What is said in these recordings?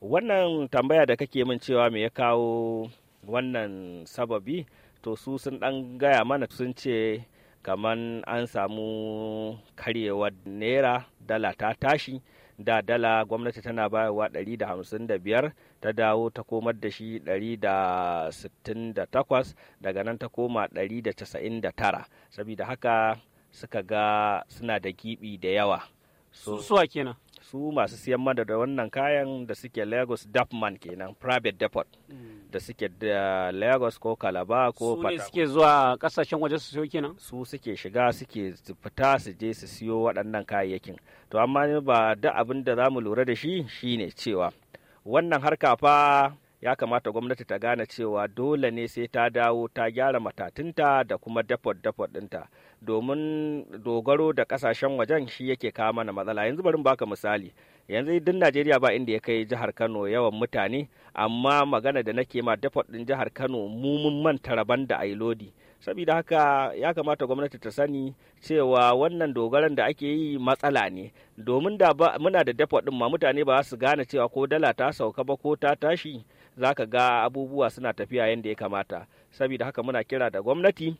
wannan tambaya da kake min cewa me ya kawo wannan sababi to su sun ɗan gaya mana sun ce kamar an samu karyewar naira dala ta tashi da dala gwamnati tana bayarwa 155 ta dawo ta komar da shi 168 daga nan ta koma 199 saboda haka suka ga suna da gibi da yawa so, suwa kenan su masu siyan mana da wannan kayan da suke lagos dapman kenan private depot hmm. da suke da lagos ko kalaba ko su ne suke zuwa kasashen waje su siyo kenan su suke shiga suke fita su je su siyo waɗannan kayayyakin to amma ba da abin da za mu lura da shi shine cewa wannan harka fa ya kamata gwamnati ta gane cewa dole ne sai ta dawo ta gyara matatunta da kuma dafot-dafot ɗinta domin dogaro da kasashen wajen shi yake kawo mana matsala yanzu bari baka misali yanzu duk najeriya ba inda ya kai jihar kano yawan mutane amma magana da nake ma dafot ɗin jihar kano mumun manta rabon da ailodi saboda haka ya kamata gwamnati ta sani cewa wannan dogaron da ake yi matsala ne domin da muna da dafot ɗin ma mutane ba su gane cewa ko dala ta sauka ba ko ta tashi za ka ga abubuwa suna tafiya yadda ya kamata saboda haka muna kira da gwamnati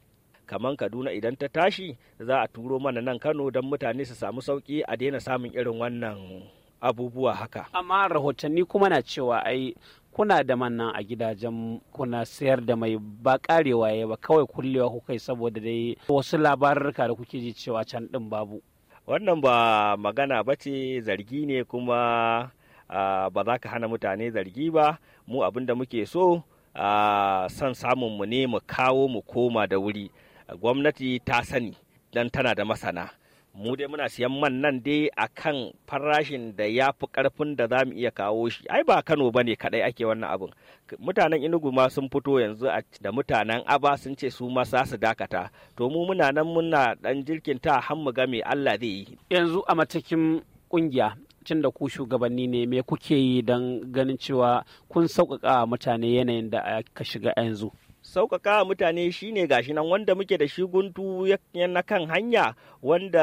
kamar kaduna idan ta tashi za a turo mana nan kano don mutane su samu sauki a daina samun irin wannan abubuwa haka amma rahotanni kuma na cewa ai kuna da mannan a gidajen kuna sayar da mai ba karewa ya ba kawai kullewa ku kai saboda dai wasu labarurka da kuke ji cewa can din babu wannan ba magana ba ce zargi ne kuma ba za ka hana mutane zargi ba mu abin da muke so son samun mu ne mu kawo mu koma da wuri gwamnati ta sani dan tana da masana mu dai muna siyan man nan dai a kan farashin da ya fi karfin da za mu iya kawo shi ai ba kano ba ne kadai ake wannan abin mutanen inugu ma sun fito yanzu da mutanen aba sun ce su ma za su dakata to mu muna nan muna dan jirkin ta har mu ga me allah zai yi yanzu a matakin kungiya tun da ku shugabanni ne me kuke yi don ganin cewa kun sauƙaƙa mutane yanayin da aka shiga yanzu sauƙaƙa mutane shine gashi nan wanda muke da shi guntu na kan hanya wanda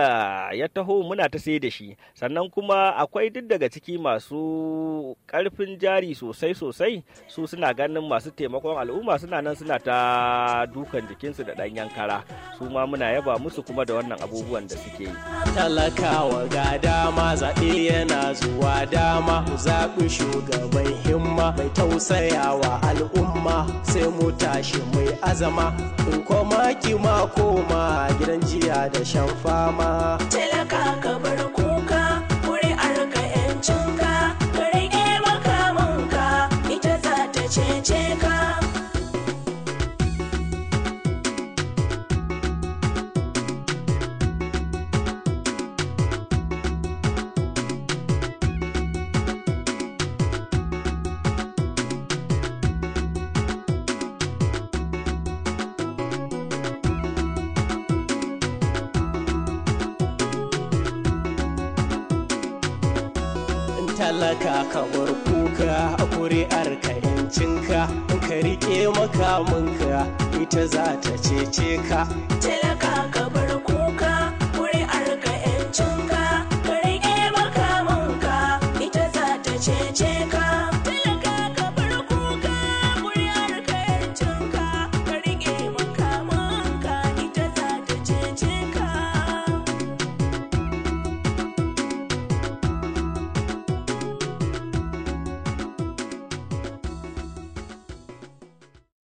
ya taho muna ta sai da shi sannan kuma akwai duk daga ciki masu ƙarfin jari sosai sosai su suna ganin masu taimakon al'umma suna nan suna ta dukan jikinsu da ɗanyen kara su ma muna yaba musu kuma da wannan abubuwan da suke yi talakawa ga dama zaɓe yana zuwa dama zaɓi shugaban himma mai tausayawa al'umma tashi mai azama in koma ki ma koma gidan jiya da shan fama talaka ka bar kuka kuri arka yancin ka ka rike makamanka ita za ta cece ka talaka ka bar kuka kuri'ar ka yancinka in ka riƙe ka ita za ta cece ka talaka